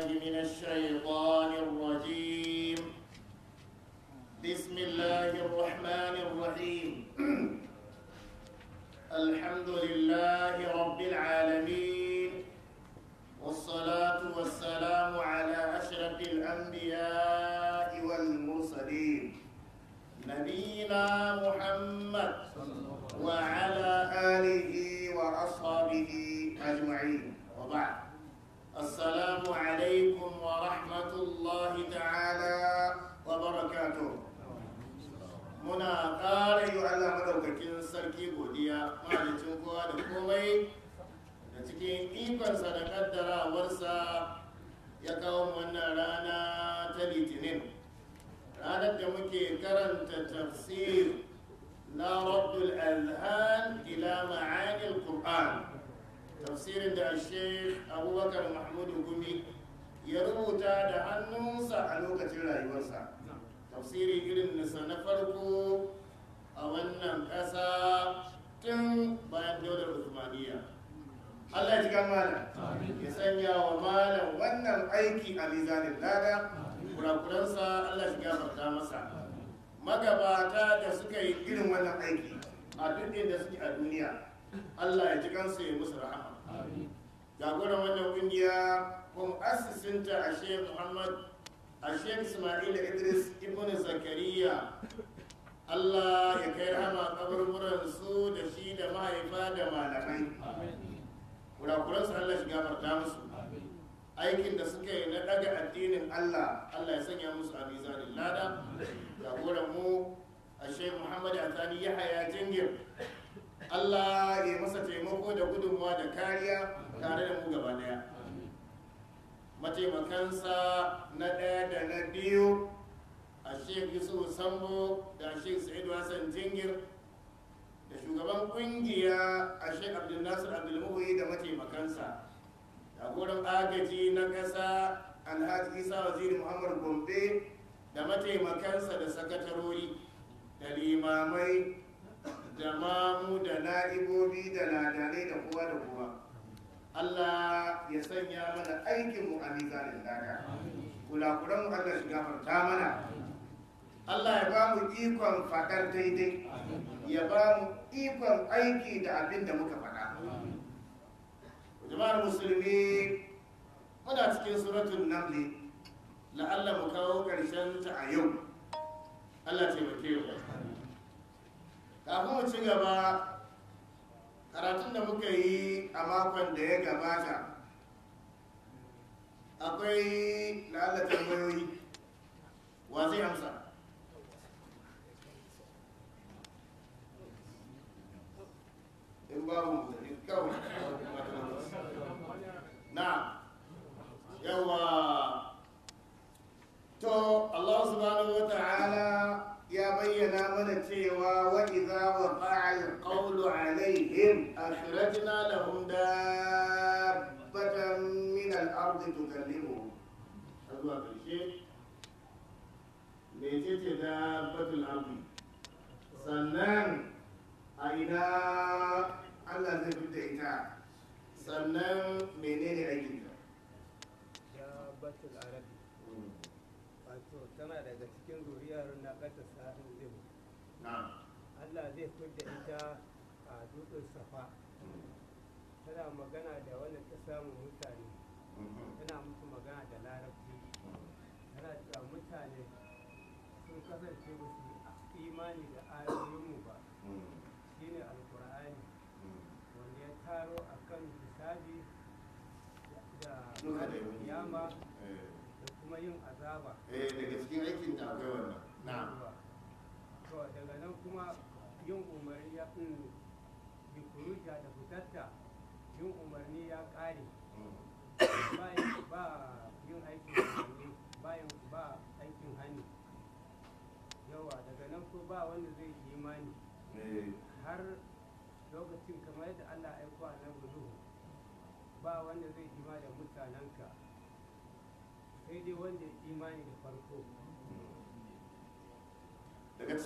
من الشيطان الرجيم بسم الله الرحمن الرحيم الحمد لله رب العالمين والصلاة والسلام على أشرف الأنبياء والمرسلين نبينا محمد وعلى آله وأصحابه أجمعين السلام عليكم ورحمة الله تعالى وبركاته muna ƙara yi wa Allah sarki godiya malicin kowa da komai da cikin ikonsa da kaddarawarsa ya kawo wannan rana ta litinin ranar da muke karanta tafsir na rabbul alhan ila ma'anil qur'an tafsirin da sheikh abubakar mahmudu gumi ya rubuta da hannunsa a lokacin rayuwarsa tafsiri irin nasa na farko a wannan ƙasa tun bayan daular usmaniya allah ji mana ya sanya wa malam wannan aiki a mizanin lada kurakuransa allah shi gafarta masa magabata da suka yi irin wannan aiki a duk inda suke a duniya Allah ya ji kansu ya musu rahama jagoran wannan kungiya ko mu'assisinta a shehu muhammad a shehu ismail idris ibn zakariya Allah ya kai rahama kaburburan su da shi da mahaifa da malamai kurakuran su Allah shiga farta musu aikin da suka yi na daga addinin Allah Allah ya sanya musu a mizanin lada jagoran mu a shehu muhammad a ya yahaya jingir Allah ya masa taimako da gudunmawa da kariya tare da mu gaba daya mataimakansa na ɗaya da na biyu a sheik yusuf sambo da sheik sa'idu hassan jingir da shugaban kungiya a sheik abdulnasir abdulmuhi da mataimakansa Da jagoran agaji na ƙasa alhaji isa waziri muhammad gombe da mataimakansa da sakatarori da limamai da mamu da na'ibobi da ladanai da kowa da kowa Allah ya sanya mana aikin mu a mizanin kula mu Allah shiga farta mana Allah ya ba mu ikon faɗar daidai ya ba mu ikon aiki da abin da muka faɗa jama'ar musulmi muna cikin suratun namli la'alla mu kawo karshen ta a yau Allah ce mu kafin mu ci gaba karatun da muka yi a makon da ya gabata akwai lalata tambayoyi wa zai amsa in babu mutane kawai na yawa to allah subhanahu wa ta'ala ya bayyana mana cewa wa idza waqa'a al-qawlu alaihim akhrajna lahum dabbatan min al-ardi tukallimuhum zuwa karshe mece ce dabbatul ardi sannan a ina Allah zai fita ita sannan menene aikin ta dabbatul arabi hmm. wato tana daga cikin zuriyar na ƙasa Allah zai fidda ita a dutsen safa tana magana da wanda ta samu mutane mm-hmm. tana musu magana da larabci tana cewa mutane sun kasance musu imani da ayoyinmu ba mm-hmm. shine alkur'ani mm-hmm. wanda ya taro a kan hisabi da yama eh. da kuma yin azaba eh, daga cikin aikin da akwai wannan daga nan kuma yin umarni ya bikuruja mm, da fitatta yin umarni ya ƙare ba yin aikin hannu bayan ba aikin hannu yawa daga nan ko ba wanda zai yi imani eh. har lokacin kamar yadda allah aiko a nan gudu ba wanda zai yi ima da mutanenka sai dai wanda yi imani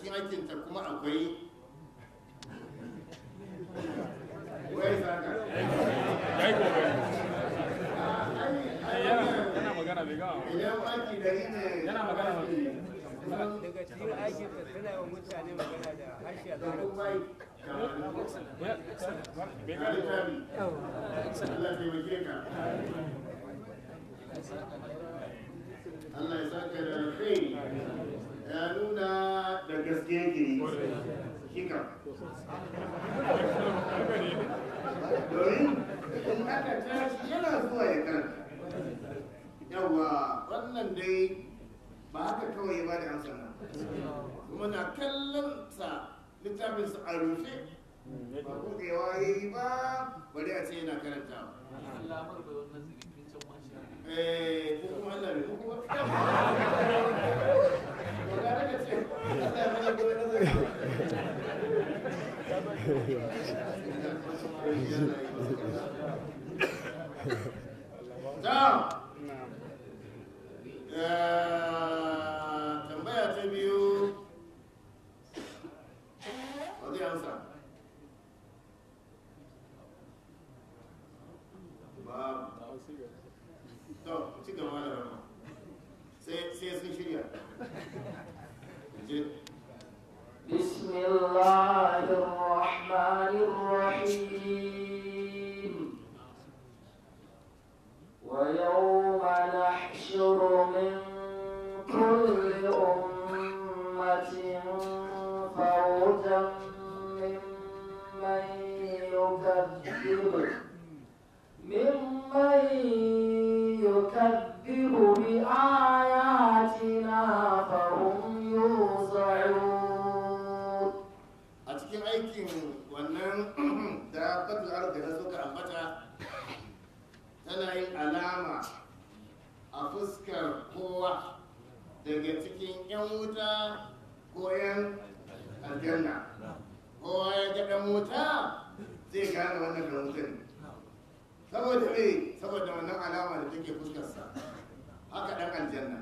cikin aikinta kuma akwai da mutane da harshe Allah ya da kai ya nuna da gaske yake kika domin in aka tashi yana zuwa ya karanta wannan dai ba haka kawai ba da amsa na kuma na kallon sa littafin sa a rufe ba ya yi ba bari a ce yana eh, ko kuma Allah ne, ko kuma Eh, tambaya ta biyu ba to ci gaba da rama sai sun shirya بسم الله الرحمن الرحيم ويوم نحشر من كل أمة فوجا ممن يكذب ممن يكذب بآياتنا فهم A cikin aikin wannan يوسعون أتكين أيكين ونن دابة الأرض tana yin alama a fuskar kowa daga cikin 'yan wuta ko 'yan aljanna kowa ya ga dan wuta zai gane wannan da wutan saboda me saboda wannan alama da take fuskarsa haka ɗan aljanna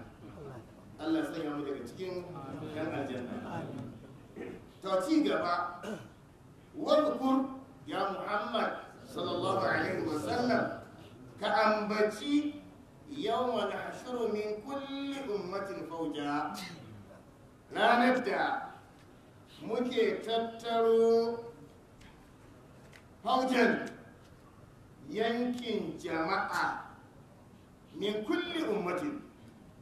Allah sanya mu daga cikin yan aljanna to ci gaba wadkur ya Muhammad sallallahu alaihi wa sallam ka ambaci yawma nahshuru min kulli ummatin fauja ranar da muke tattaro faujan yankin jama'a min kulli ummatin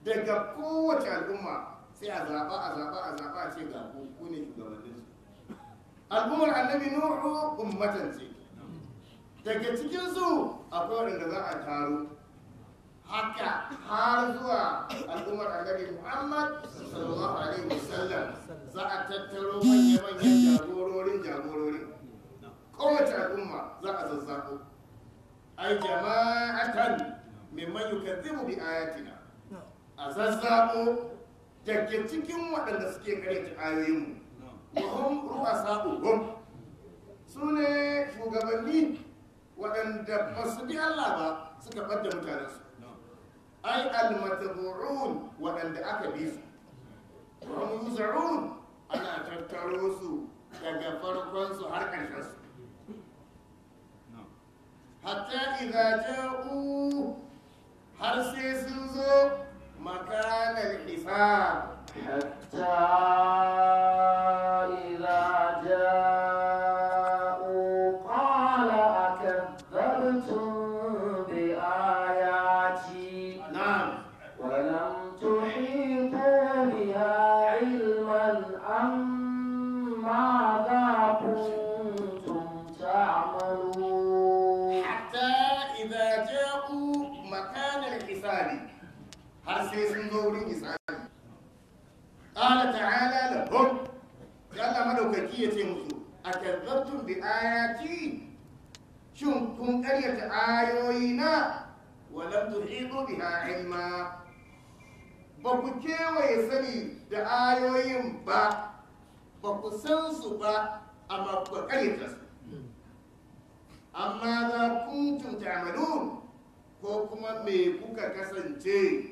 daga kowace al'umma sai a zaɓa a zaɓa a zaɓa a ce ga ku ne su al'ummar annabi nuhu ummatan ce daga cikinsu akwai waɗanda za a taro haka har zuwa al'ummar annabi muhammad sallallahu alaihi wasallam za a tattaro manya-manyan jagororin jagororin kowace al'umma za a zazzaɓo ai jama'atan mimman yukazzibu bi ayatina a da daga cikin waɗanda suke karanta ayoyinmu ruwa ru'asa uhum su ne shugabanni waɗanda ba su bi Allah ba suka ɓadda su ai almatabu'un waɗanda aka bi su wa ana tattaro su daga farkon su har su hatta idza ja'u har sai sun zo مكان الحفاظ حتى qala ta'ala lahum ya Allah madaukaki ya ce musu akazzabtum bi ayati shin kun karyata ayoyina wa lam tuhidu biha ilma ba ku kewaye sani da ayoyin ba ba ku san su ba amma ku karyata amma za kuntum ta'malun ko kuma me kuka kasance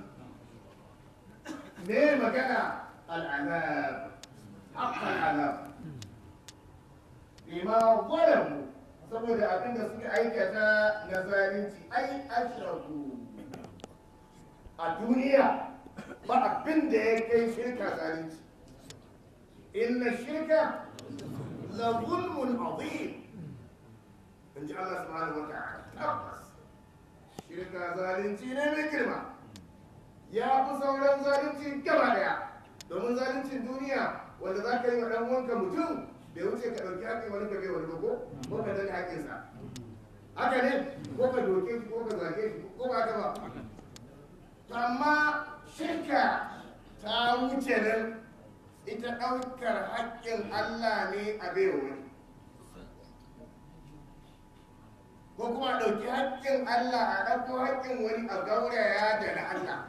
ليه magana العذاب حق العذاب بما ظلموا saboda abinda suka aikata na zalunci ai a duniya ba ya kai shirka zalunci inna shirka la zulmun azim in ji Allah subhanahu wa ta'ala shirka zalunci ne girma ya fi sauran zalunci gaba daya domin zaluncin duniya wanda za ka yi wa wanka mutum bai wuce ka ɗauki haƙƙin wani ka bai wani ko ko ka dani haƙƙinsa haka ne ko ka doke shi ko ka zage shi ko ba ka ba amma shirka ta wuce nan ita ɗaukar haƙƙin Allah ne a bai ko kuma ɗauki haƙƙin Allah a ɗauko haƙƙin wani a gauraya da na Allah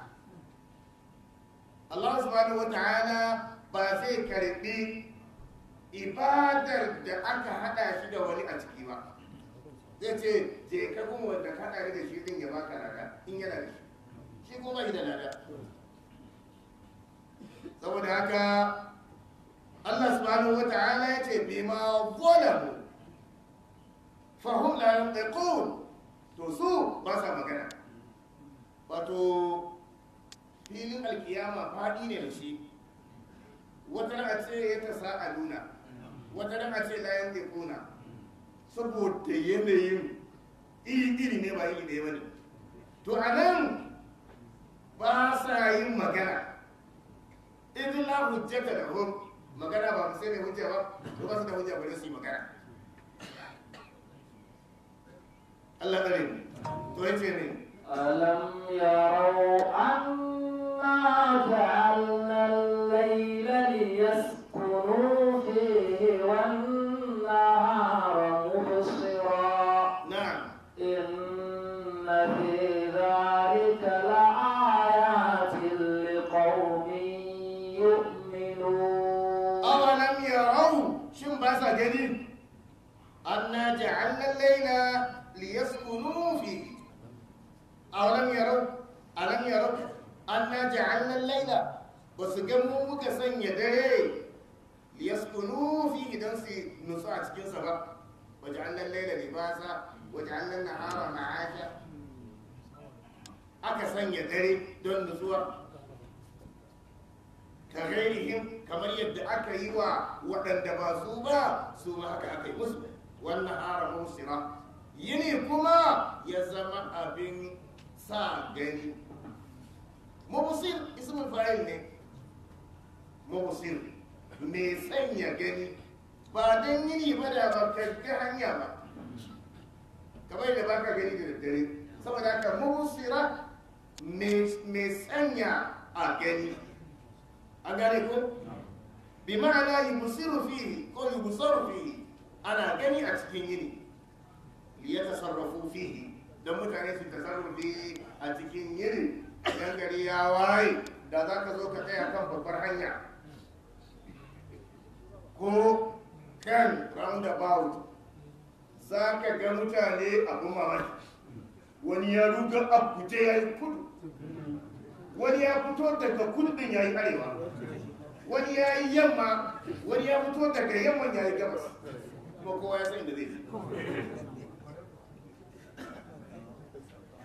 Allah subhanahu wa ta'ala ba zai karbi ibadar da aka haɗa shi da wani a ciki ba zai ce je ka kuma wanda ka hada da shi din ya baka lada in yana da shi shi kuma da lada saboda haka Allah subhanahu wa ta'ala ya ce bi bima zalamu fahum la yantiqun to su ba sa magana wato filin alkiyama faɗi ne da shi wata na ce ya ta sa a nuna wata na ce layan kuna saboda yanayin iri-iri ne ba iri ɗaya ba ne to a nan ba sa yin magana idan na hujjata da hun magana ba sai da hujja ba to ba su da hujja ba su yi magana Allah kare to yace ne alam yarau an مما جعلنا الليل ليسكنوا فيه والنهار مبصرا نعم إن في ذلك لآيات لقوم يؤمنون أولم يروا شن بس جديد أنا جعلنا الليل ليسكنوا فيه أولم يروا ألم يروا anna ja'alna laila ba su ga mu muka sanya dare liyaskunu fi idan su nutsu a cikinsa ba waje ja'alna laila libasa wa na nahara ma'asha aka sanya dare don nutsuwa ka kagairihim kamar yadda aka yi wa waɗanda ba su ba su ba haka aka yi musu wannan hara musira yini kuma ya zama abin sa gani mubsir ismul fa'il ne mubsir me sanya gani ba dan yini ba da ba ka hanya ba kamar da baka gani da daddare saboda haka mubsira me sanya a gani a gane ko bi ma'ana yubsiru fihi ko yubsaru fihi ana gani a cikin yini liyatasarrafu fihi don mutane su tasarrufi a cikin yini idan gari ya waye da za ka zo ka tsaya kan babbar hanya ko kan roundabout za ka ga mutane abu mamaki wani ya ruga abguje ya yi kudu wani ya fito daga kudin ya yi arewa wani ya yi yamma wani ya fito daga yamman ya yi gabas kuma kowa ya san da zai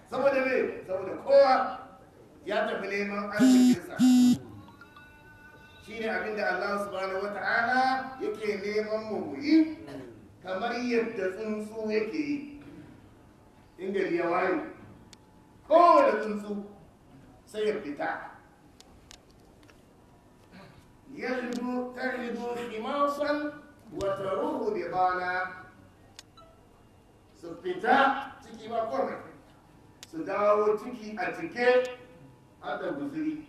saboda me saboda kowa ya tafi neman arzikinsa shi ne abinda Allah subhanahu wa ta'ala yake neman mu yi kamar yadda tsuntsu yake yi in ya waye kowane tsuntsu sai ya fita يجد تجد خماصا Su fita ciki تكي su dawo ciki a cike. hada guzuri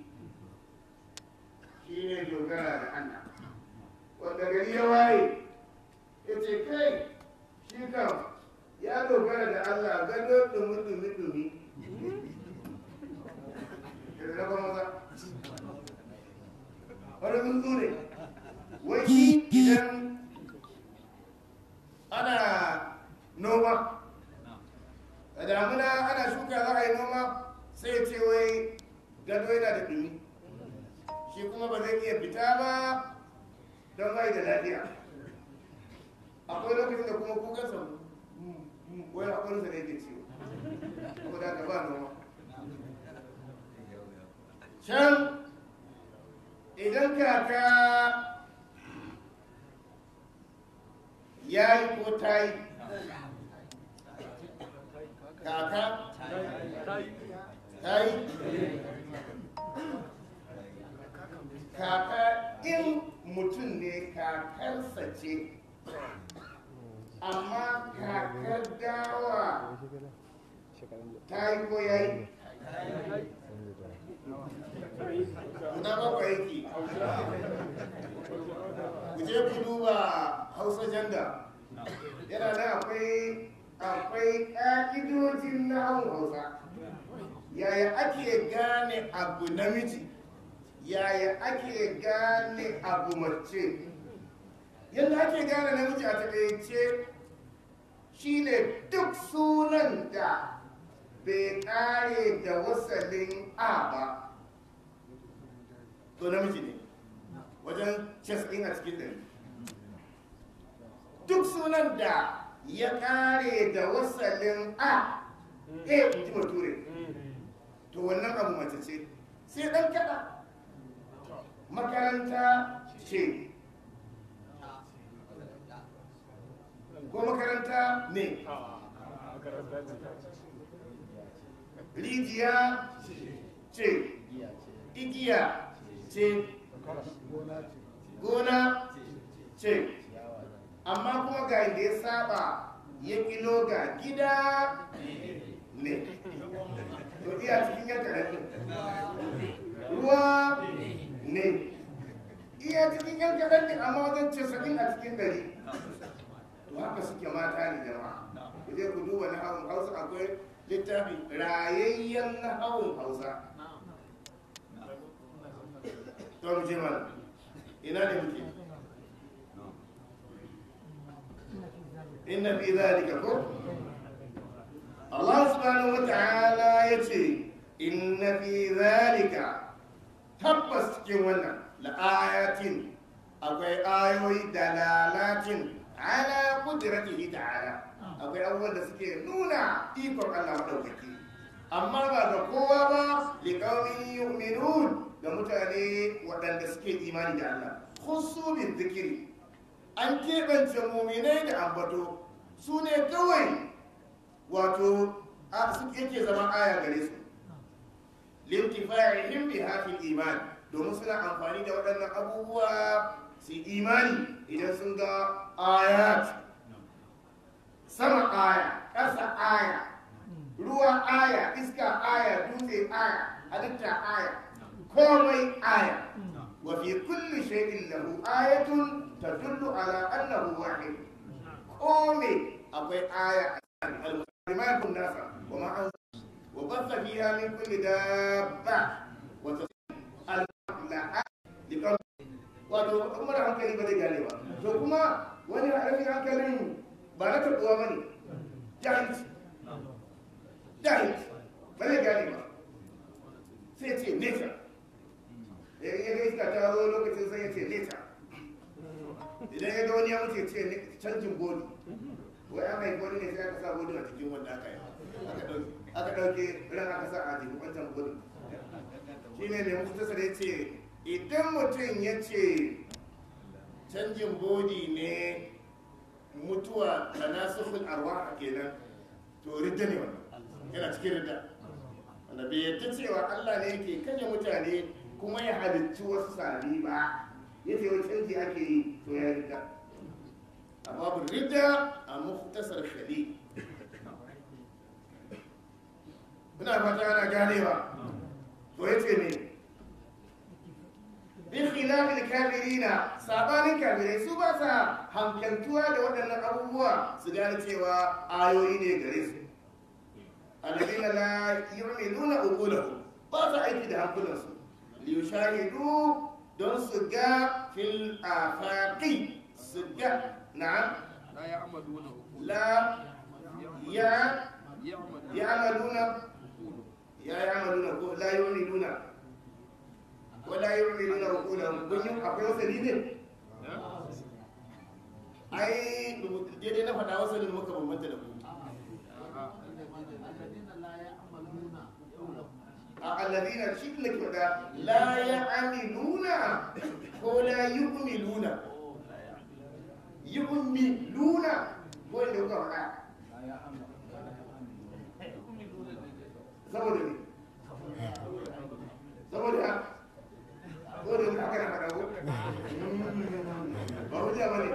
shi ne dogara da Allah wanda gari ya waye ya ce kai shi kam ya dogara da Allah gado dumi dumi dumi wani tsuntsu ne wani idan ana noma da damuna ana shuka za a yi noma sai ce wai gado yana da ɗumi shi kuma ba zai iya fita ba don bai da lafiya akwai lokacin da kuma kukansa wani akwai da yake ciwo ko da ba noma can idan kaka ya yi ko ta yi kaka ta yi kaka in mutum ne kakarsa ce amma kakar dawa ta yi ko ya yi guda bakwai yake ku je ku duba hausa janda yana da akwai akwai ƙa'idojin na hausa yaya ake gane abu namiji yaya ake gane abu mace yadda ake gane namiji a takaice ne duk sunan da bai kare da wasalin a ba to namiji ne wajen casa'in a cikin ɗari duk sunan da ya kare da wasalin a e ji bature to wannan abu mace ce sai dan kada makaranta ce ko makaranta ne rijiya ce igiya ce gona ce amma kuma ga inda ya saba ya kilo ga gida ne to iya cikin yadda rafi ruwa ne iya cikin yadda a cikin dari haka suke mata ne jama'a ku je ku duba na hawan hausa akwai littafi rayayyen na hawan hausa to mu ina ne muke inna fi zalika ko Allah subhanahu wata ta'ala ya ce inna fi zalika tabbas cikin wannan la'ayatin akwai ayoyi da dalalatin ala qudratihi ta'ala akwai abubuwan da suke nuna ikon Allah madaukaki amma ba ga kowa ba liqaumin yu'minun ga mutane waɗanda suke imani da Allah khusu bi dhikri an keɓance muminai da ambato su ne kawai wato yake zama aya gare su limtifa'ihim bi hafi iman domin suna amfani da waɗannan abubuwa su imani idan sun ga ayat sama aya ƙasa aya ruwa aya iska aya dutse aya halitta aya komai aya wa fi kulli shay'in lahu ayatun tadullu ala annahu wahid komai akwai aya al الماء الناس وما أنزل وبث فيها من كل دابة وتصل الماء لقوم wato in mara hankali ba zai gane ba to kuma wani harafin hankalin ba na taɓuwa ba ne jahilci jahilci ba zai gane ba sai ce nesa idan ya ta zo lokacin sai ya ce nesa idan waya mai gwani ne sai aka sa godin a cikin wanda aka yi aka ɗauke ran aka sa a jikin wancan godin shi ne ne mutasar ya ce idan mutum ya ce canjin bodi ne mutuwa da nasufin arwa a kenan to ridda ne wannan yana cikin ridda wanda bai yadda cewa allah ne yake kashe mutane kuma ya halittu wasu sami ba ya ce wani canji ake yi to ya ridda أبواب الردة مختصر الشديد هنا فتانا جانبا ويتمين بخلاف الكافرين سابان الكافرين سو باسا هم كنتوا da waɗannan abubuwa su gane cewa ayoyi ne gare su nuna la yu'minuna uqulahum ba sa aiki da hankulansu li yushahidu don su ga نعم لا يعملون لا يا يعملون يا يعملون لا يعملون ولا يعملون ركولهم بنيو أقول سليم أي جدي نفدا وسليم مكبوم متلبو الذين شكلك لا يعملون ولا يعملون yu'minuna wanda kuka faɗa saboda ne saboda saboda ne aka rafa dago hmm, ba hujja ba ne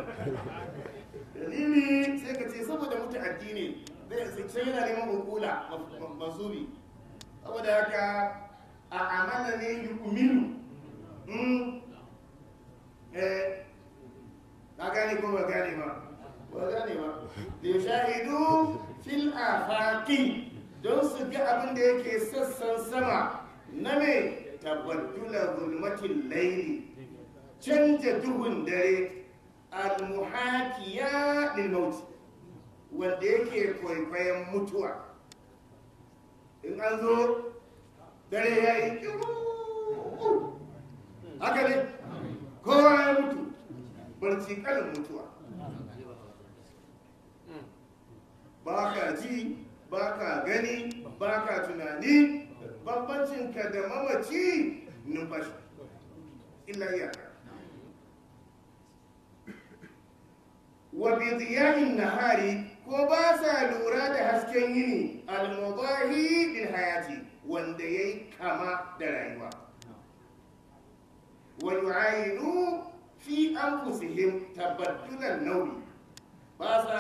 dalili sai ka ce saboda mutu addini sai yana neman hukula masubi saboda haka a ka gane ko ba gane ba ba gane ba da ya shahidu fil don su ga abin da yake sassan sama na mai tabaddula zulmatin laini canja duhun dare almuhakiya lil mauti wanda yake kwaikwayon mutuwa in an zo dare ya yi haka ne kowa ya mutu barci kanin mutuwa ba ka ji ba ka gani ba ka tunani bambancinka da mamaci numfashi illa iyaka wa bi nahari ko ba sa lura da hasken yini al-mudahi bil hayati wanda yayi kama da rayuwa Wani yu'ayinu fi an fusihim tabattulan nauyi ba sa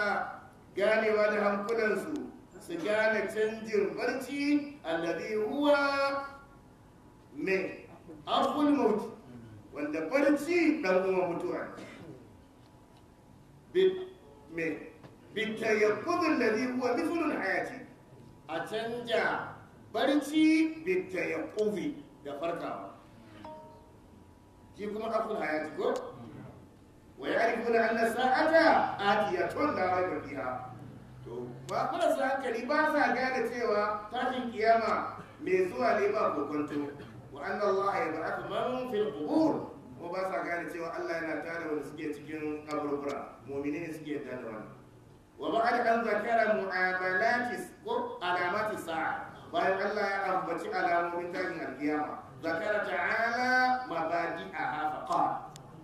ganewa da hankulansu su gane canjin barci alladhi huwa Me aful maut wanda barci dan uwa mutuwa bit me bitayaqqud alladhi huwa mithlul hayati a canja barci bitayaqqudi da farkawa shi kuma aful hayati ko ويعرفون أن الساعة آتية لا ريب فيها to ba marasa hankali ba sa gane cewa tashin kiyama mai zuwa ne ba kokonto wa anna Allah ya ba'athu man fil qubur ko ba sa gane cewa Allah yana tare wanda suke cikin kaburbura muminai ne suke yarda da wannan wa ba'ad an zakara mu'amalati alamati sa'a bayan Allah ya ambaci alamomin tashin zakara ta'ala mabadi'aha faqala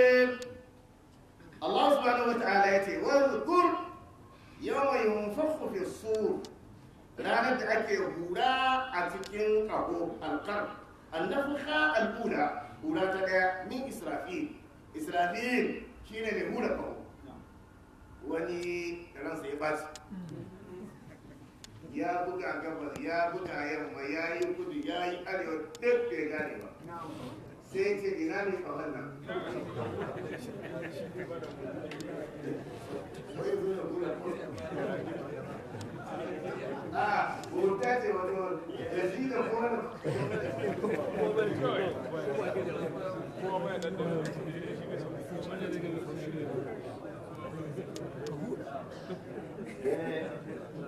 الرجيم الله سبحانه وتعالى يتي واذكر يوم ينفخ في الصور ranar da ake hura a cikin kaho alkar annafika al'ula hura ta daya min israfil israfil shine mai hura kaho wani ransa ya baci ya buga gabas ya buga yamma ya yi gudu ya yi arewa da ya gane ba sai ce ina ne a wannan wai zuwa gura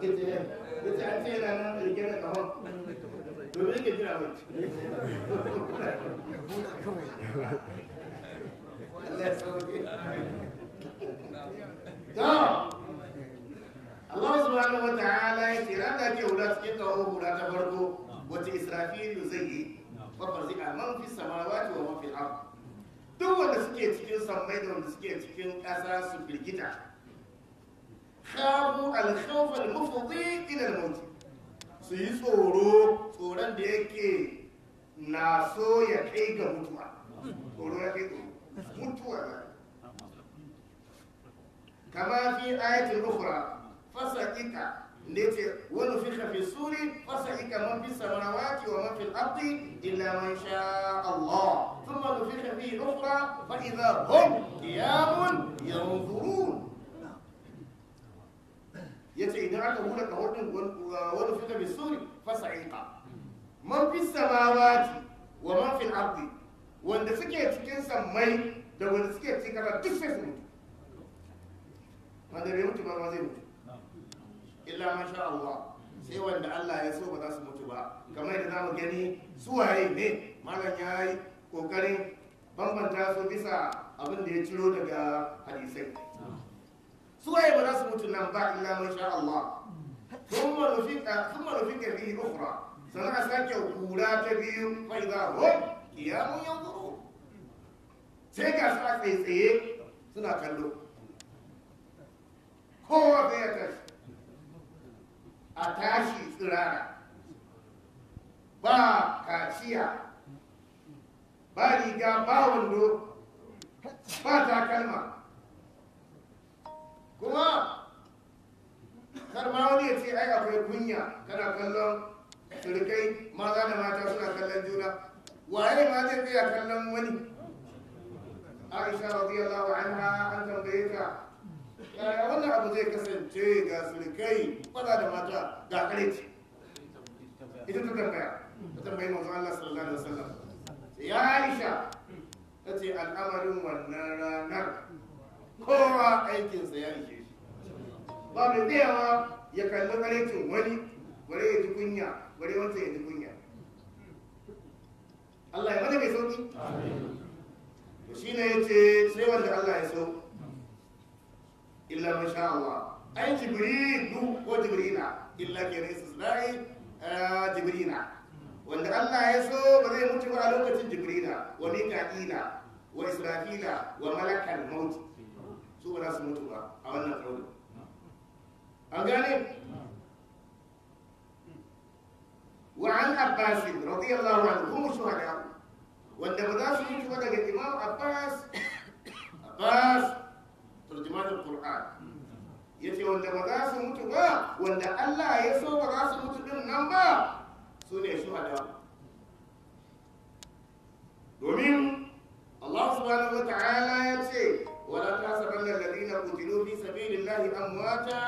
Kita, kita nak to me ke jira mai Allah ya Allah wataala ya cikin ta farko wace israfilu yi babbar wa mafi wanda suke cikin da wanda cikin ƙasa su firgita خافوا الخوف المفضي الى الموت tsoro. shedan da yake na so ya kai ga mutuwa tsoro ya kai tsoro mutuwa ba kama fi ayatul ukhra fasaqika ne ce wani fi kafi suri fasaqika man fi samawati wa man fil ardi illa man sha Allah thumma nufikha fi ukhra fa idha hum qiyamun yanzurun yace idan aka hura kahon din wani fi kafi suri fasaqika man fi samawati wa man fi ardi wanda suke cikin sammai da wanda suke cikin kasa duk sai su mutu wanda bai mutu ba ma zai mutu illa ma sha Allah sai wanda Allah ya so ba za su mutu ba kamar yadda zamu gani su waye ne malam ya yi kokarin bambanta su bisa abin da ya ciro daga hadisai su waye ba za su mutu nan ba illa ma sha Allah ثم نفيك ثم نفيك فيه أخرى sannan a sake kura ta biyu fai za a kiyamun yanzu sai ga su a tsaye suna kallo kowa bai ya tashi a tashi tsirara ba kaciya ba riga ba wando ba takalma kuma karma wani ya ce ai akwai kunya kana kallon turkai maza da mata suna kallon juna waye ma zai tsaya kallon wani aisha radiyallahu anha an tambaye ta yaya wannan abu zai kasance ga surkai maza da mata ga kareci ita ta tambaya ta tambayi mazu Allah sallallahu alaihi wasallam ya aisha ta ce al'amarin wannan ranar kowa aikinsa ya ishe shi ba mai tsayawa ya kalli karecin wani wani ya ji kunya bare wanda ya kunya Allah ya mana mai sauki to ya ce sai wanda Allah ya so illa ma sha Allah ai jibrilu ko jibrina illa kenan jibiri eh, jibrina wanda Allah ya so ba zai mutu ba a lokacin jibrina wa mika'ila wa israfila wa malakal maut su ba za su mutu ba a wannan kaulin an gane وعن عباس رضي الله عنه هم أباس والنبداس هم شهداء الإمام عباس عباس ترجمة القرآن يتي وند مداس متوا وند الله يسوع راس متدم نمبا سوني شهداء ومن الله سبحانه وتعالى يتي ولا تحسبن الذين قتلوا في سبيل الله امواتا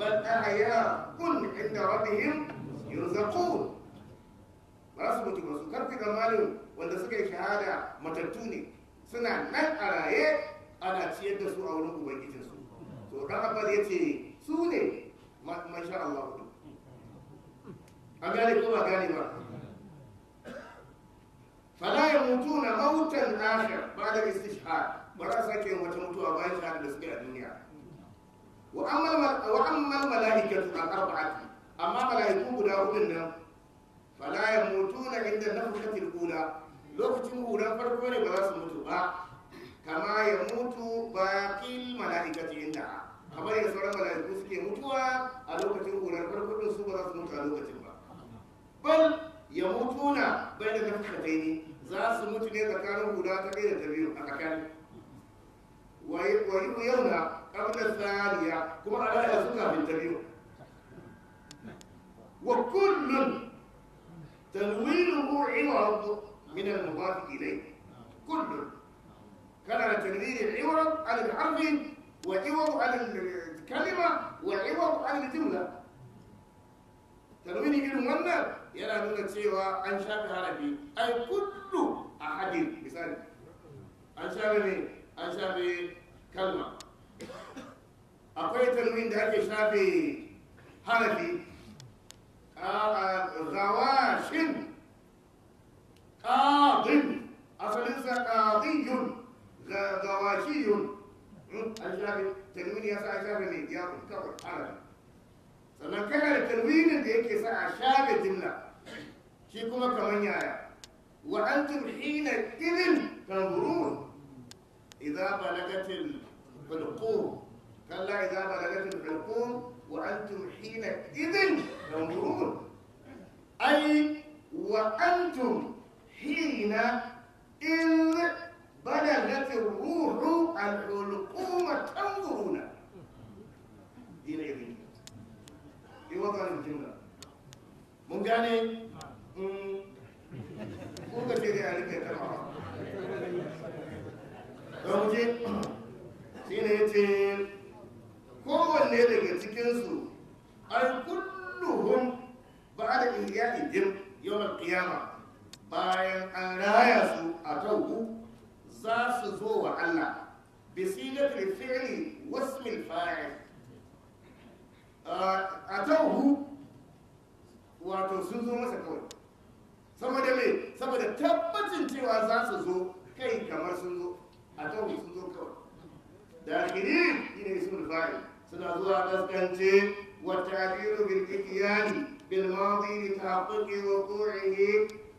بل احياء عند ربهم يرزقون mutu ba su karfi malin wanda suka yi shahada matattu ne suna nan a raye ana ciyar da su a wurin ubangijinsu to dan abbas ya ce su ne masha Allah a gane ko ba gane ba fala ya mutu na mautan nasha ba da istishhad ba za sake wata mutuwa bayan shahada da suke a duniya wa amma wa amma malaikatu al-arba'ati amma malaiku guda hudun nan fala ya mutu na inda na fukatil ula lokacin hudan farko ne ba za su mutu ba kama ya mutu baƙil mala'ikati inda kamar yadda sauran mala'iku suke mutuwa a lokacin hudan farko din su ba za su mutu a lokacin ba bal ya mutu na bai da nafkatai ne za su mutu ne tsakanin huda ta ɗaya da ta biyu a tsakani wa yi yau na ƙarfin tsariya kuma a ɗaya su kafin ta biyu wa kullum تنويره عوض من المضاف إليه كل كان تنوير العوض على الحرف وعوض على الكلمة وعوض على الجملة تنوير المنى yana nuna cewa an shafe harafi ai kullu a hadin misali an shafe kalma akwai tanwin da ake shafe harafi غواش قاض أصل قاضي غواشي الشافعي تنوين يا ساعة شافعي يا كفر حلبي sannan kana da tanwinin da yake sa a shafe jimla shi kuma kamar yaya wa antum hina idin tanzurun idza balagatil hulqum kalla idza balagatil hulqum وأنتم حينئذ ينظرون أي وأنتم حين اذ بلغت الروح الحلقوم تنظرون حينئذ إيه في وطن الجنة من قال ko ka tere ale kɛ kama kowanne daga cikinsu an kulluhum ba da iya ijim yawan kiyama bayan an raya su a tauku za su zo wa Allah bi sigatul fi'li wasmil fa'il a tauku wato sun zo masa kawai saboda mai saboda tabbacin cewa za su zo kai kamar sun zo a tauku sun zo kawai da akhirin ina ismul fa'il suna zuwa gaskance wa ta'biru bil ikyani bil madi li tahaqqiqi wuqu'ihi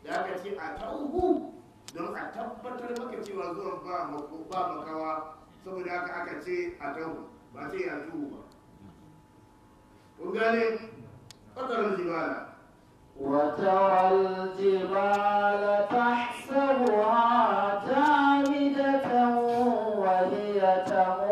da aka ce a taubu don a tabbatar maka cewa zuwa ba mako ba makawa saboda haka aka ce a ah, taubu ba ce ya tubu ba kun gane ƙasar jibala وترى الجبال تحسبها جامدة وهي تمر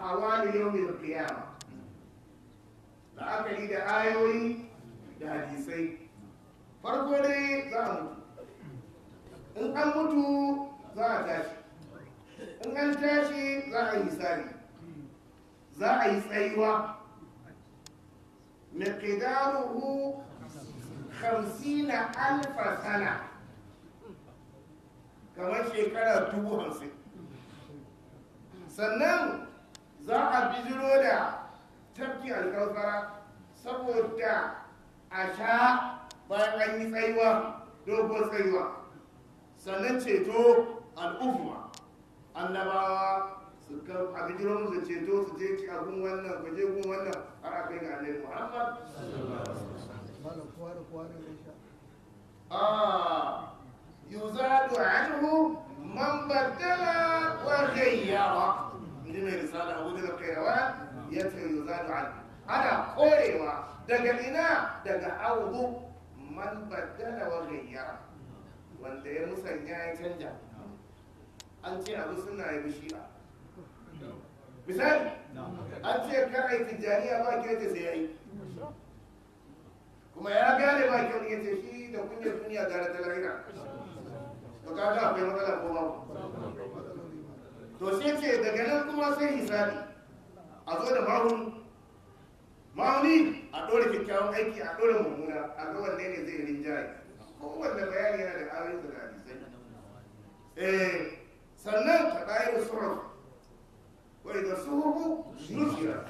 ahwal yawm al-qiyama yi da ayoyi da hadisai farko dai za a mutu in an mutu za a tashi in an tashi za a yi misali za a yi tsayuwa hu 50 alfa sana kamar shekara dubu hamsin sannan za a bijiro da tafki alkausara saboda a sha bayan an yi tsayuwa dogon tsayuwa sannan ceto al'umma annabawa su kan a bijiro musu ceto su je ki abun wannan ku je gun wannan har a kai ga annabi muhammad ah yuzadu anhu man baddala wa ghayyara in ji mai risala abu da kairawa ya ce da an ana korewa daga ina daga audu man baddala wa gayyara wanda ya musanya ya canja an ce abu suna ya a. misali an ce karai tijjaniya ba ke sai ya yi kuma ya gane ba kyau ya ce shi da kunyar duniya gara ta lahira to kaga akwai matsala ko ba to sai ce daga nan kuma sai hisabi a zo da mahun mahuni a dole kyakkyawan aiki a dole mummuna a ga wanne ne zai rinjaye kowanne bayani yana da ayoyin da hadisai eh sannan ta da surar wani da suhubu nufira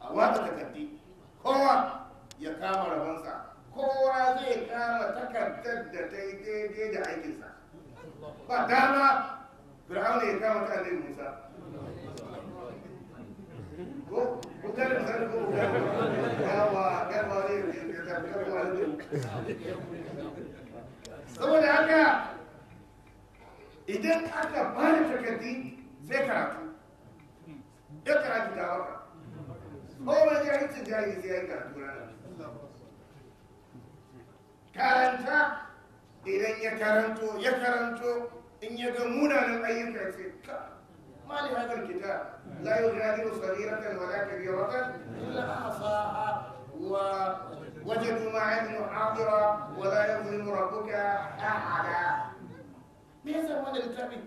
a wata takardi kowa ya kama rabonsa kowa zai kama takardar da ta yi daidai da aikinsa ba dama fir'auna ya kama ta annabi saboda haka idan aka bani takardi zai karatu ya karatu da waka ko wani jahilcin cin sai ya yi karatu ranar karanta idan ya karanto ya karanto إن يجا مونا لم أي كاتب ما لهذا الكتاب لا يغادر صغيرة ولا كبيرة إلا أحصاها ووجدوا ما عندهم حاضرا ولا يظلم ربك أحدا ميزة وانا لتابي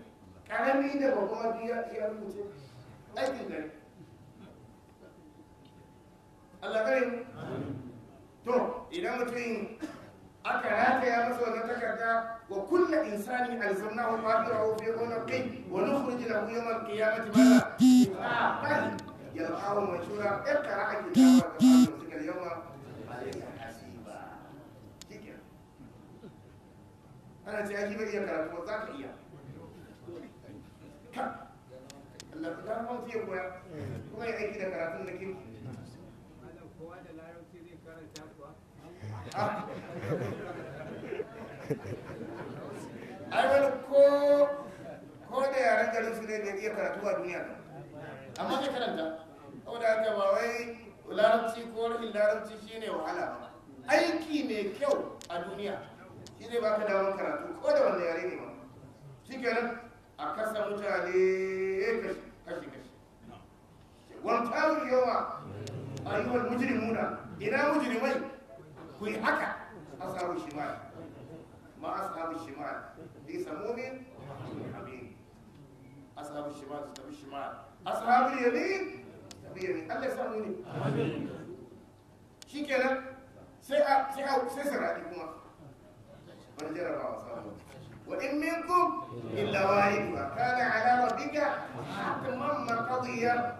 كلامي إيه ده بابا دي يا الموتي أي تنزل الله كريم تو إذا متين أكا هاتي يا مسوى نتكر ده وكل إنسان ألزمناه طائره في عنقه ونخرج له يوم القيامة ماذا؟ كتابا يلقاه منشورا اقرأ كتابك فأمسك اليوم عليك حسيبا أنا تعجب إياك أنا توضعت إياك Allah ku dan hauti ya koya kuma ya aiki da karatun da kin kowa da larabci zai karanta kuwa ai wani ko ko da yaren garin su ne da iya karatu a duniya nan amma ka karanta saboda haka ba wai larabci ko rashin larabci shine wahala aiki mai kyau a duniya shi zai baka damar karatu ko da wanda yare ne ma shi kenan a kasa mutane kashi kashi wamtazul yawa ayyuhal mujrimuna ina mujrimai ku yi haka ashabu shimal ma ashabu shimal ذي سموم حميم أصحاب الشمال تبي الشمال أصحاب اليمين تبي اليمين الله يسامحني شي كده سي سي سرعتي كما من جرى وإن منكم إلا واردها كان على ربك حتما مرقضيا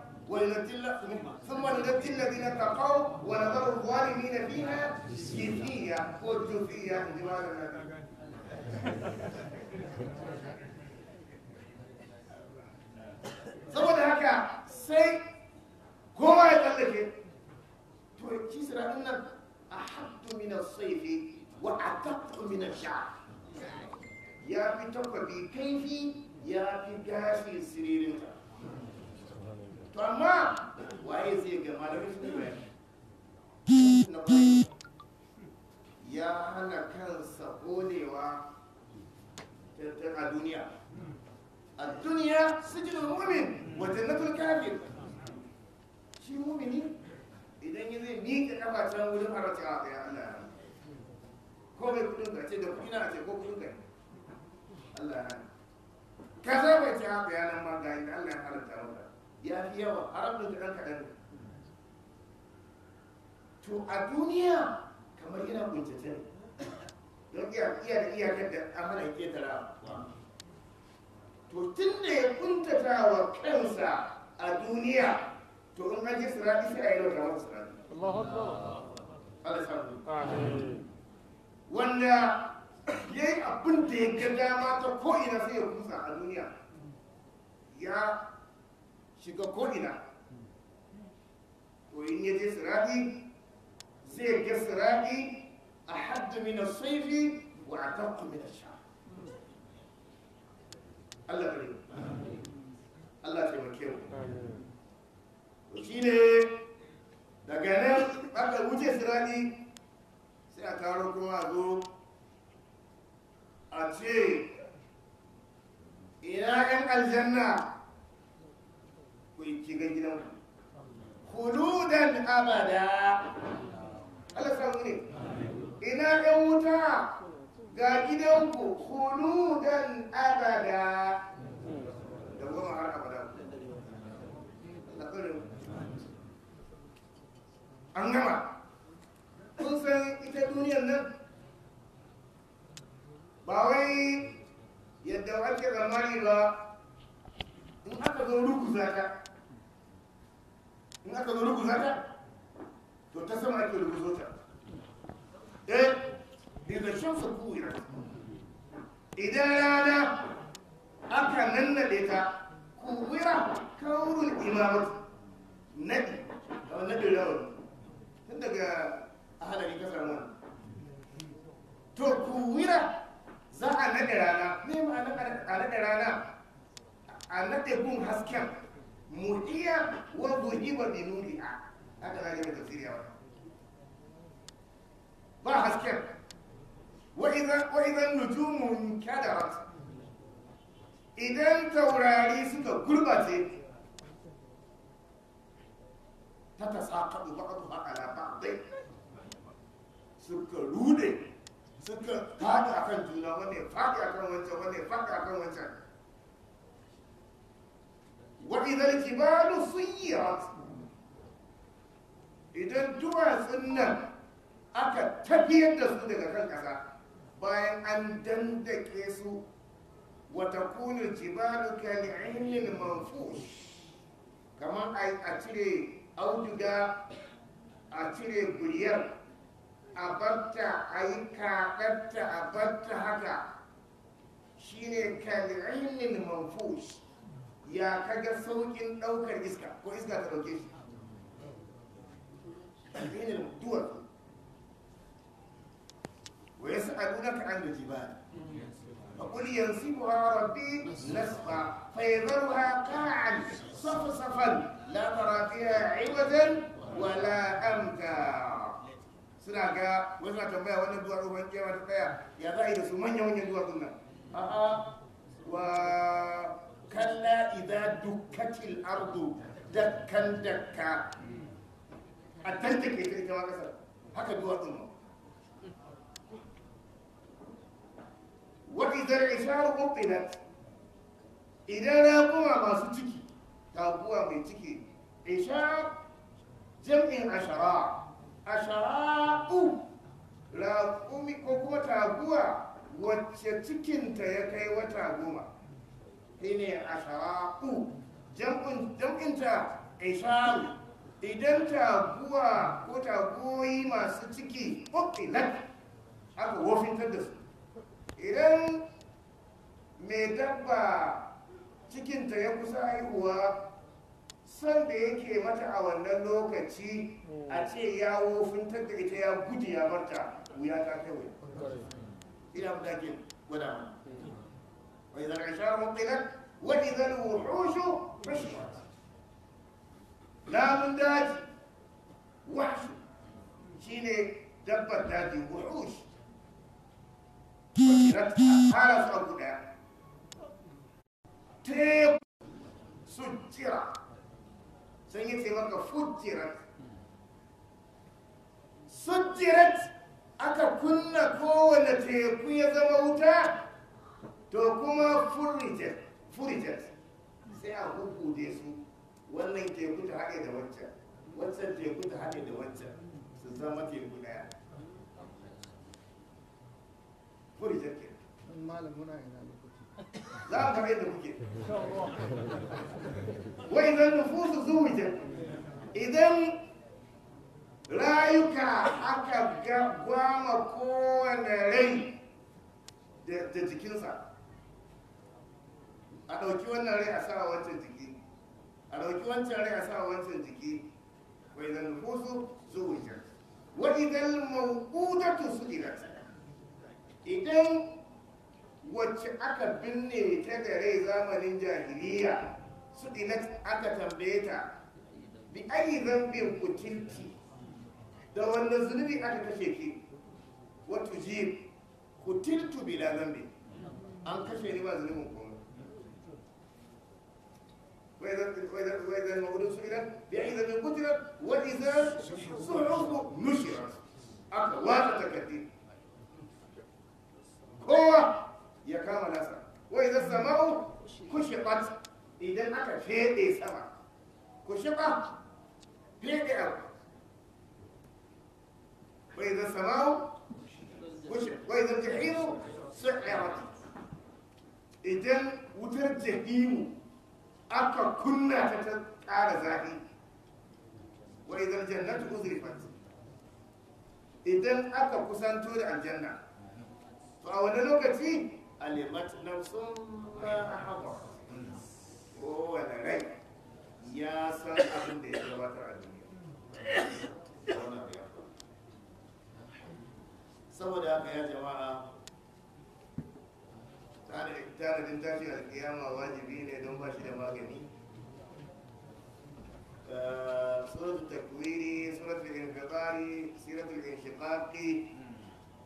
ثم ننجي الذين تقوا ونذر الظالمين فيها جثية وجثية جمالا saboda haka sai goma ya tsallake to shi siraɗin nan a haddu minar saifi wa a tattu minar sha ya fi tabbabi kaifi ya fi gashi siririnta to amma waye zai ga malamin su ya hana kansa ƙonewa ta duniya a duniya sijinul mu'min wa jannatul kafir shi mu'mini idan ya zai miƙa kafa can wurin harati a tsaye ah, Allah ya ko mai kudin ka ce da kudi na ce ko kudin ka Allah ya ka sai bai ci haka ah, ya nan ma ga inda ya da kaɗan to a duniya kamar yana kuntace don iya da iyakar da amana ya ketara to tun da ya kuntata wa kansa a duniya to in ka ji sirari sai ya yi wata wata sirari Allah wanda ya yi abin da ya ga dama ta ko'ina sai ya kusa a duniya ya shiga ko'ina to in ya je sirari zai ga sirari أحد من الصيف وأدق من الشعر Allah bari Allah taimake mu daga nan aka wuce sirani sai a taro kuma a zo a ce ina yan aljanna ku yi kiga gidan ku huludan abada Allah ne ina ɗan wuta ga gidanku huludan abada da goma har abada an gama kun san ita duniyar nan ba wai yadda ake zamani ba in aka zo ruguza zata in aka zo ruguza zata to ta sama ake ruguzo zota shan shamsa kuwira idan rana aka nannaɗe ta kuwira kawurin imamatu naɗi a naɗin rawar tun daga a ahalari kasar nan to kuwira za a naɗe rana ne ma a naɗe rana a naɗe gun hasken mu iya wa buhi wa a aka zage da tafsiri لاحظ كيف وإذا وإذا النجوم انكدرت إذا توراري سكا قربتي تتساقط بعضها على بعض سكا لودي سكا فادي أكن جونا وني فادي أكن وانشا وني فادي أكن وانشا وإذا الجبال سيرت إذا الدواس النمل aka tafiyar da su daga kan ƙasa bayan an dandake su wata kunu jibalu kal'ilin manfush kamar a cire auduga a cire buriyar a batta a yi kaɗatta a batta haka shine kal'ilin manfush ya kaga saukin ɗaukar iska ko iska ta ɗauke shi duwar ويسألونك عن الجبال فقل ينسفها ربي نسفا فيذرها قاعا صفصفا لا ترى فيها عوجا ولا أمتا suna ga wai suna tambaya wannan duwatsu ban kewa ta tsaya ya za a yi da su manya manyan duwatsun nan a'a wa kalla idza dukkatil ardu dakkan dakka a tantake ta ita ma kasar haka duwatsun nan وإذا العشار أبطلت إذا راقوا ما ستكي تابوا ميتكي عشار جمع ashara عشراء raƙumi ko kuma taguwa wacce cikinta ya kai wata goma ne a jam'inta isharu idan taguwa ko tagoyi masu ciki ƙwaƙilat aka wofintar da su idan mai dabba cikinta ya kusa haihuwa son da yake mata a wannan lokaci hmm. a ce ya wofin da ita ya gudu ya marta wuya ta kai ina mu dake gwada mana wa ka ashar mutilan Wani zan wuhushu fashimat namun daji wahshu shine dabbar daji wuhushu fara su abu daya teku sun yi taimaka aka kunna kowane teku ya zama wuta to kuma sai a hukude su wannan teku ta haɗe da wancan wancan teku ta haɗe da wancan su zama teku daya ko rijar ke malam muna ina lokaci za a kamar yadda kuke wa idan nufusu zuwuja idan rayuka aka gwama kowane rai da jikinsa a ɗauki wannan rai a sa wancan jiki a ɗauki wancan rai a sa wancan jiki wa idan nufusu zuwuja wa idan su su'ilat idan wacce aka binne ta da rai zamanin jahiliya su ila aka tambaye ta bi ayi zambin kutilti da wannan zunubi aka kashe ki wato jib kutiltu la zambi an kashe ni ba zunubin kuma وإذا المولود سئل بأي ذنب قتلت وإذا aka نشرت ta تكذيب kowa ya kama nasa wa idan sama'u kushiqat idan aka fede sama kushiqa fede abu wa idan ku kushiq wa idan jahimu su'irat idan wutar jahimu aka kunna ta ta ƙara zafi wa idan jannatu uzrifat idan aka kusanto da aljanna to a wani lokaci alimat nafsun ma haɗa kowane rai ya san abin da ya gabata a duniya saboda haka ya jama'a tanadin tashi alkiyama wajibi ne don ba shi da magani سورة التكوير سورة الانفطار سورة الانشقاق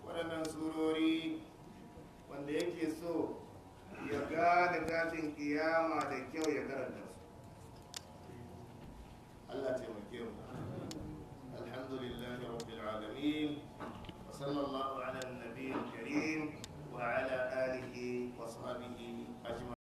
ولنا سروري wanda yake so ya gane tashin kiyama da kyau ya karanta su Allah taimake mu alhamdulillahi rabbil alamin wa sallallahu ala nabiyil karim wa ala alihi wa sahbihi ajma'in